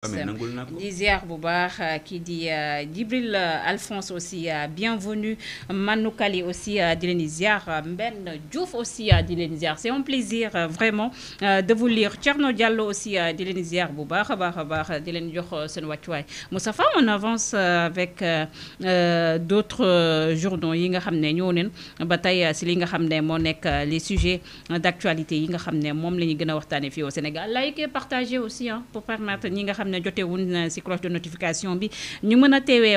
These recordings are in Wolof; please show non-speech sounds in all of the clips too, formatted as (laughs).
di ziar qui dit, kii Alphonse aussi euh, bienvenue Manoukali aussi euh, di leen ziar Ben Djouf aussi euh, di leen c'est un plaisir vraiment de vous lire Thierno Diallo aussi di leen ziar bu baax a baax di jox on avance avec d'autres journaux yi nga xamné ne ñoo neen ba si li nga xamné ne nek les sujets d'actualité yi nga xamné mom lañu gëna waxtané fi au Sénégal liker partagez aussi hein, pour permettre ñi nga xam ne une cloche de notification bi ñu mëna téwé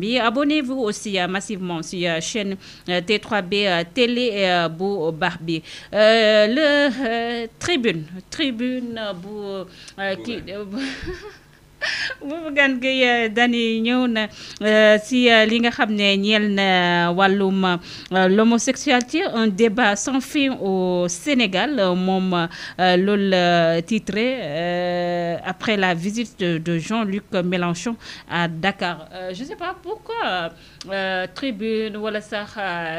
bi abonnez-vous aussi euh, massivement sur euh, chaîne euh, T3B télé bu baax bi le tribune tribune bu (laughs) (laughs) Bougane Gueye Dany ñëw na euh, si euh, li nga xamné ne na euh, walum l'homosexualité un débat sans fin au Sénégal mom loolu titré après la visite de Jean-Luc Mélenchon à Dakar je sais pas pourquoi tribune wala sax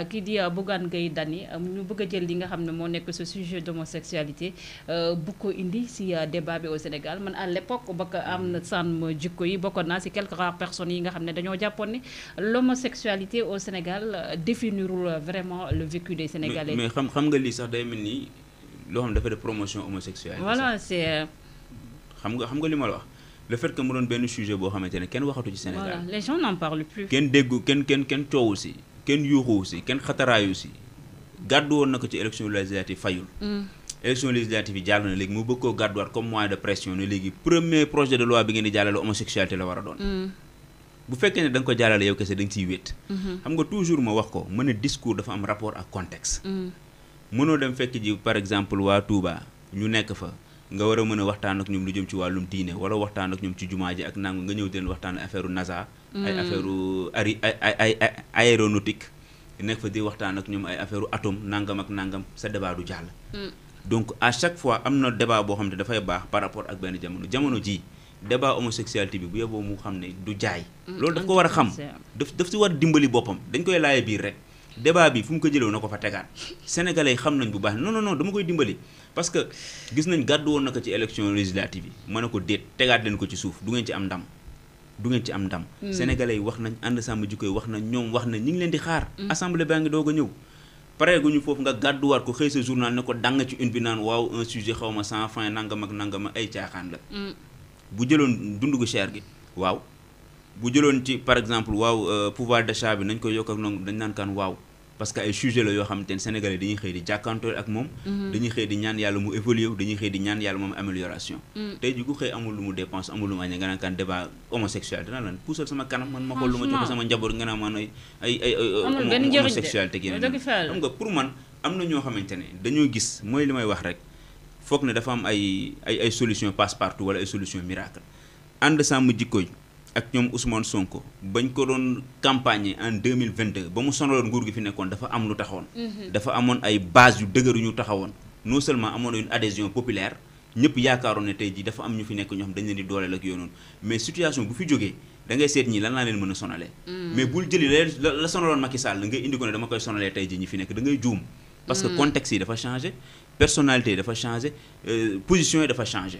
qui dit Bougane Gueye Dany ñu bëgg jël li nga xamné mo nekk ce sujet d'homosexualité euh beaucoup indi si débat bi au Sénégal man à l'époque ba am na sàmm jikko yi bokkoon naa si quelques rares personnes yi nga xamné ne dañoo l'homosexualité au Sénégal euh, définirul euh, vraiment le vécu des Sénégalais. mais xam xam nga li sax day melni ni xam dafa de promotion homosexuelle. voilà c'est euh, xam nga xam nga li ma wax. le fait que mu doon ben sujet bo xamante ken waxatu ci Sénégal. voilà les gens n'en parlent plus. ken déggu ken ken ken coowu aussi ken yuuxu aussi ken khatara aussi gàddu woon na ci élection législative fayul. Mm. élection législative yi jàll na léegi mu bëgg koo gàdduwaat comme moyen de pression ne léegi premier projet de loi bi ngeen di jàllale homosexualité la war a doon mm. bu fekkee ne danga nga ko jàllale yow kese da nga ciy wéet mm-hmm. xam nga toujours ma wax ko mën a discours dafa am rapport ak contexte mm. mënoo dem fekk ji par exemple waa Touba ñu nekk fa nga war a mën a waxtaan ak ñoom lu jëm ci wàllum diine wala waxtaan ak ñoom ci jumaa ji ak nangu nga ñëw di leen waxtaan affaire NASA mm. ay affaire ari ay ay aéronautique nekk fa di waxtaan ak ñoom ay affaire atome nangam ak nangam sa débat du jàll donc à chaque fois am na débat boo xam ne dafay baax par rapport ak benn jamono jamono ji débat homosexualité bi bu yeboo mu xam ne du jaay. Mm, loolu daf ko war a xam daf daf si war a dimbali boppam dañ koy laaye biir rek. débat bi fu mu ko jëlee na ko fa tegaat (laughs) sénégalais yi xam nañ bu baax non non non dama koy dimbali parce que gis nañ gàddu woon na ko ci élection législative yi mën na ko déet tegaat leen ko ci suuf du ngeen ci am ndam du ngeen ci am ndam. Mm. sénégalais yi wax nañ ànd sàmm jikko wax nañ ñoom wax nañ ñu ngi leen di xaar. Mm. assemblée baa ngi doog a ñëw. pare gu ñu foofu nga gàdduwaat ko xëy sa journal ne ko dang ci une bi naan waaw un sujet xaw ma sans fin nangam ak nangam ay caaxaan la. Mm. bu jëloon dund gu cher gi waaw. bu jëloon ci par exemple waaw euh, pouvoir d'achat bi nañ koy yokk ak noonu dañ naan kaan waaw. parce que ay sujet la yoo sénégalais dañuy xey di jàkkaantoo ak mom mm-hmm. dañuy xey di ñaan yalla mu évoluer dañuy xey di ñaan yalla moom amélioration mm. tay ji ku xey amul lu mu dépense amul lu mu añee nga kan débat homosexuel dana lan puusal sama kanam man mako luma jox sama njaboot nga naan man ay ay ay homosexualité gi xam nga pour man amna ño xamantene dañu gis moy limay wax rek fokk ne dafa am ay ay ay solution passe partout wala ay solution miracle ànd sàmm jikko ak ñom Ousmane Sonko bañ ko doon campagne en 2022 ba mu sonaloon nguur gi fi nekkon dafa am lu taxone mhm. dafa amone ay base yu dëgër ñu taxawoon non seulement amone une adhésion populaire ñëpp yaakaaroon ne tey jii dafa am ñu fi nekk ñoo xam dañ leen di dooleel ak yoonoon mais situation bu fi jógee da ngay seet ñii lan laa leen mën a sonalee. Mhm. mais bul jëli la la sonaloon Macky Sall la ngay indi ko ne dama koy sonalee tey jii ñi fi nekk da ngay juum. parce que mhm. contexte yi dafa changé personnalité dafa changé euh, position yi dafa changé.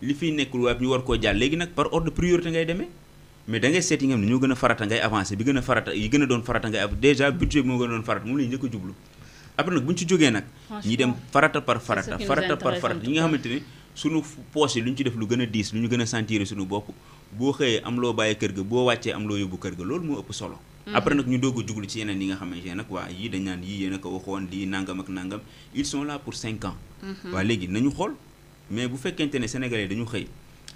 li fi nekul waaye ñu war ko nak par ordre de priorité ngay mais da ngay nga farata ngay avancer bi gëna farata yi gëna doon farata ngay déjà budget mo gëna doon farata mu ñu après nak buñ ci joggé nak ñi dem farata par farata farata par farata yi nga xamanteni suñu poche luñ ci def lu gëna diis luñu nous suñu Nous bo am lo baye kër ga bo am lo kër ga lool mo ëpp solo mm-hmm. après nak ñu ci yeneen yi nga dañ ils sont là pour cinq ans mm-hmm. nañu mais bu fekkente ne sénégalais dañu xëy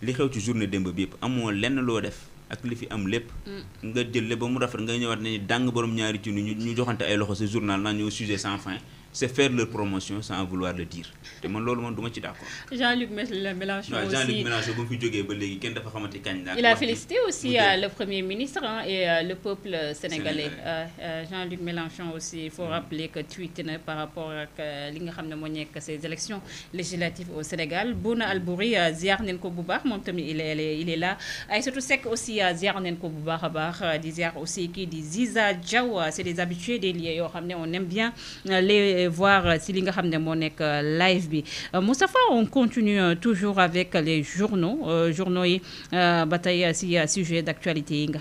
li xew ci journée démb bi yëpp amoo lenn loo def ak li fi am lépp. Mm. nga jël lépp ba mu rafet nga ñëwaat ne dàng borom ñaari ci ñu ñu joxante ay loxo sa journal naa ñëw sujet sans fin. c'est faire leur promotion sans vouloir le dire te man loolu man ci d'accord. Jean-Luc Mélenchon aussi Jean-Luc Mélenchon fi ba dafa il a félicité aussi euh, le premier ministre hein, et euh, le peuple sénégalais euh, Jean-Luc Mélenchon aussi il faut mm. rappeler que tweet par rapport à li nga xam ces élections législatives au Sénégal Bouna Albouri ziar Nenko ko bu baax il est il est là Aïssatou Seck aussi ziar Nenko ko bu ziar aussi qui di Ziza Diaw c'est des habitués des lieux on aime bien les voir euh, si li nga euh, live bi euh, on continue toujours avec les journaux journaux et batailles à sujet d'actualité